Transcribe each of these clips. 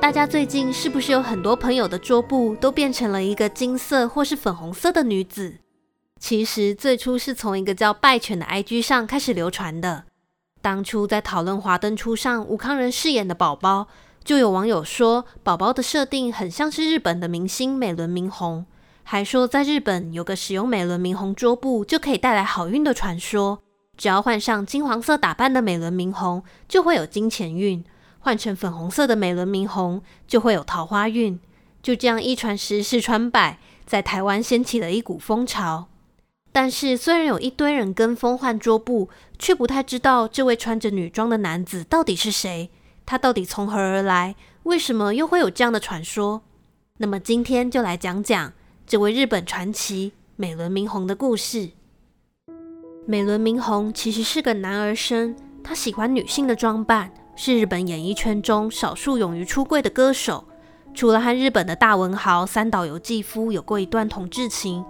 大家最近是不是有很多朋友的桌布都變成了一個金色或是粉紅色的女子？其實最初是從一個叫敗犬的 IG 上開始流傳的。當初在討論《華燈初上》，吳慷仁飾演的寶寶，就有網友說寶寶的設定很像是日本的明星美輪明宏。還說在日本有個使用美輪明宏桌布就可以帶來好運的傳說，只要換上金黃色打扮的美輪明宏，就會有金錢運。換成粉紅色的美輪明宏就會有桃花運。就這樣一傳十，十傳百，在台灣掀起了一股風潮。但是，雖然有一堆人跟風換桌布，卻不太知道這位穿着女裝的男子到底是誰，他到底從何而來，為什麼又會有這樣的傳說？那麼，今天就來講講這位日本傳奇美輪明宏的故事。美輪明宏其實是個男兒身，他喜歡女性的裝扮。是日本演藝圈中少數勇於出櫃的歌手。除了和日本的大文豪三島由紀夫有過一段同志情，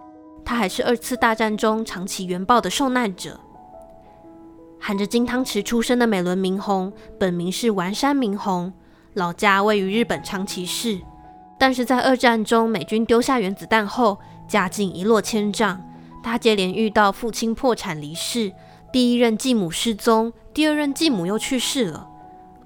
他還是二次大戰中長崎原爆的受難者。含着金湯匙出生的美輪明宏，本名是丸山明宏，老家位於日本長崎市。但是在二戰中，美軍丟下原子彈後，家境一落千丈。他接連遇到父親破產離世、第一任繼母失蹤、第二任繼母又去世了。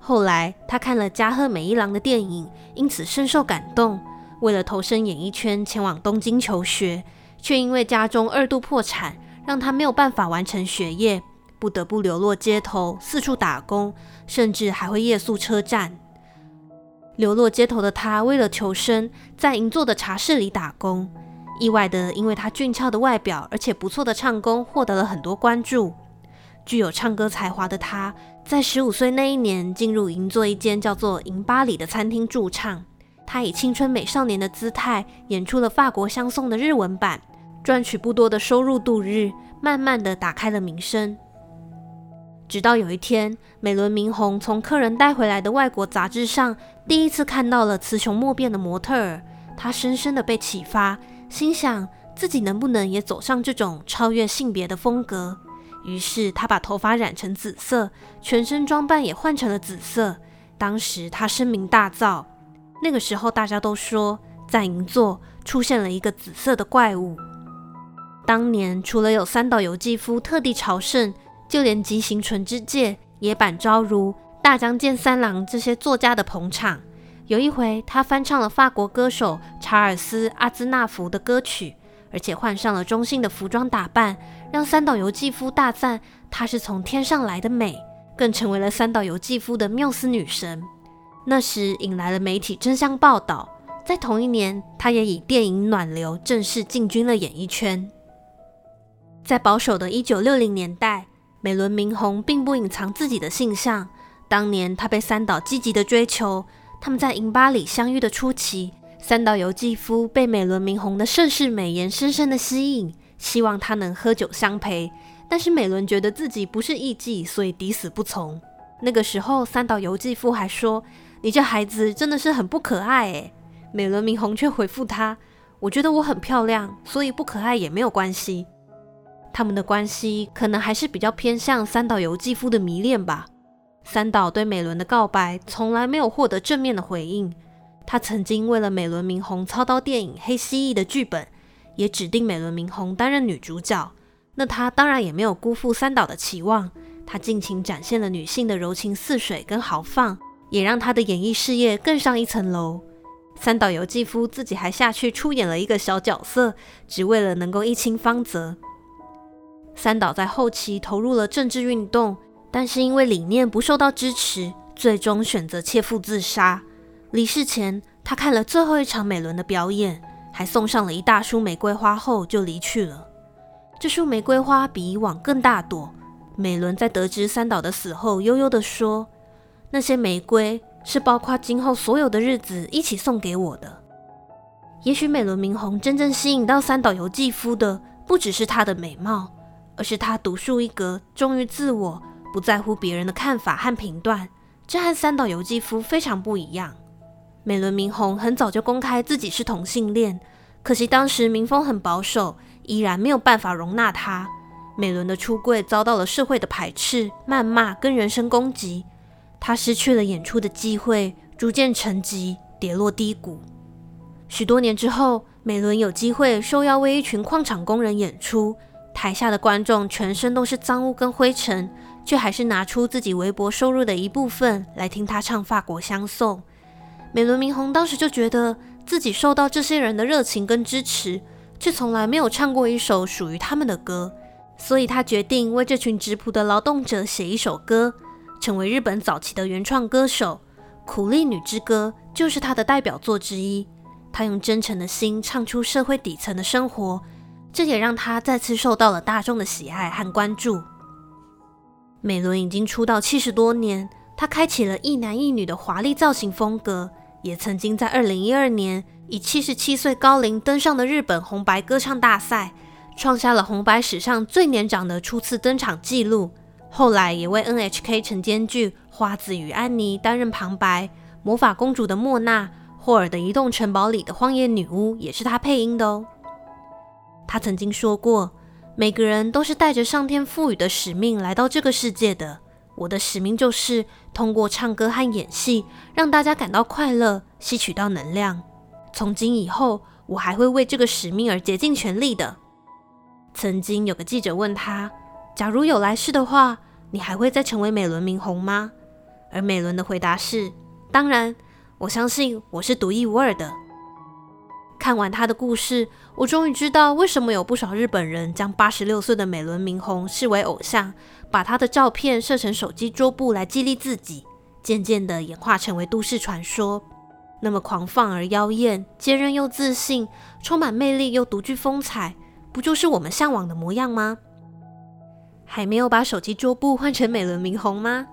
後來，他看了加賀美一郎的電影，因此深受感動。為了投身演藝圈，前往東京求學，卻因為家中二度破產，讓他沒有辦法完成學業，不得不流落街頭，四處打工，甚至還會夜宿車站。流落街頭的他，為了求生，在銀座的茶室裡打工。意外的，因為他俊俏的外表，而且不錯的唱功，獲得了很多關注。具有唱歌才華的他，在十五歲那一年，進入銀座一間叫做“銀巴里”的餐廳駐唱。他以青春美少年的姿態演出了《法國香頌》的日文版，賺取不多的收入度日，慢慢的打開了名聲。直到有一天，美輪明宏從客人帶回來的外國雜誌上，第一次看到了雌雄莫辨的模特兒，他深深的被啟發，心想自己能不能也走上這種超越性別的風格。於是他把頭髮染成紫色，全身裝扮也換成了紫色。當時他聲名大噪，那個時候大家都說在銀座出現了一個紫色的怪物。當年除了有三島由紀夫特地朝聖，就連吉行淳之介、野坂昭如、大江健三郎這些作家的捧場。有一回，他翻唱了法國歌手查爾斯·阿茲納夫的歌曲。而且換上了中性的服裝打扮，讓三島由紀夫大贊她是從天上來的美，更成為了三島由紀夫的繆斯女神。那時引來了媒體爭相報道。在同一年，她也以電影《暖流》正式進軍了演藝圈。在保守的1960年代，美輪明宏並不隱藏自己的性向。當年她被三島積極的追求，他們在酒吧裡相遇的初期。三島由紀夫被美輪明宏的盛世美顏深深的吸引，希望他能喝酒相陪。但是美輪覺得自己不是藝妓，所以抵死不從。那個時候，三島由紀夫還說：“你這孩子真的是很不可愛。”哎，美輪明宏卻回復他：“我覺得我很漂亮，所以不可愛也沒有關係。”他們的關係可能還是比較偏向三島由紀夫的迷戀吧。三島對美輪的告白從來沒有獲得正面的回應。他曾經為了美輪明宏操刀電影《黑蜥蜴》的劇本，也指定美輪明宏擔任女主角。那他當然也沒有辜負三島的期望，他盡情展現了女性的柔情似水跟豪放，也讓他的演藝事業更上一層樓。三島由紀夫自己還下去出演了一個小角色，只為了能夠一親芳澤。三島在後期投入了政治運動，但是因為理念不受到支持，最終選擇切腹自殺。離世前，他看了最後一場美輪的表演，還送上了一大束玫瑰花後就離去了。這束玫瑰花比以往更大朵。美輪在得知三島的死後，悠悠地說：“那些玫瑰是包括今後所有的日子一起送給我的。”也許美輪明宏真正吸引到三島由紀夫的，不只是她的美貌，而是她獨樹一格、忠於自我、不在乎別人的看法和評斷，這和三島由紀夫非常不一樣。美輪明宏很早就公開自己是同性戀，可惜當時民風很保守，依然沒有辦法容納他。美輪的出櫃遭到了社會的排斥、謾罵跟人身攻擊，他失去了演出的機會，逐漸沉寂，跌落低谷。許多年之後，美輪有機會受邀為一群礦場工人演出，台下的觀眾全身都是髒污跟灰塵，卻還是拿出自己微薄收入的一部分來聽他唱法國香頌。美輪明宏當時就覺得自己受到這些人的熱情跟支持，卻從來沒有唱過一首屬於他們的歌，所以他決定為這群質樸的勞動者寫一首歌，成為日本早期的原創歌手。《苦力女之歌》就是他的代表作之一。他用真誠的心唱出社會底層的生活，這也讓他再次受到了大眾的喜愛和關注。美輪已經出道七十多年，他開啟了一男一女的華麗造型風格。也曾經在二零一二年以七十七歲高齡登上了日本紅白歌唱大賽，創下了紅白史上最年長的初次登場記錄。後來也為 NHK 晨間劇《花子與安妮》擔任旁白，《魔法公主》的莫娜、《霍爾的移動城堡》裡的荒野女巫也是她配音的哦。他曾經說過：“每個人都是帶着上天賦予的使命來到這個世界的。”我的使命就是通過唱歌和演戲，讓大家感到快樂，吸取到能量。從今以後，我還會為這個使命而竭盡全力的。曾經有個記者問他，假如有來世的話，你還會再成為美輪明宏嗎？而美輪的回答是：當然，我相信我是獨一無二的。看完他的故事，我終於知道為什麼有不少日本人將八十六歲的美輪明宏視為偶像。把她的照片設成手機桌布來激勵自己，漸漸地演化成為都市傳說。那麼狂放而妖豔，堅韌又自信，充滿魅力又獨具風采，不就是我們嚮往的模樣嗎？還沒有把手機桌布換成美輪明宏嗎？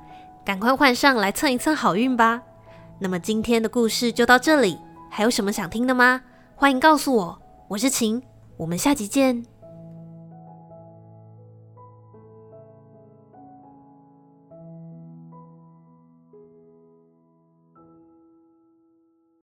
趕快換上來蹭一蹭好運吧！那麼今天的故事就到這裡，還有什麼想聽的嗎？歡迎告訴我，我是晴，我們下集見。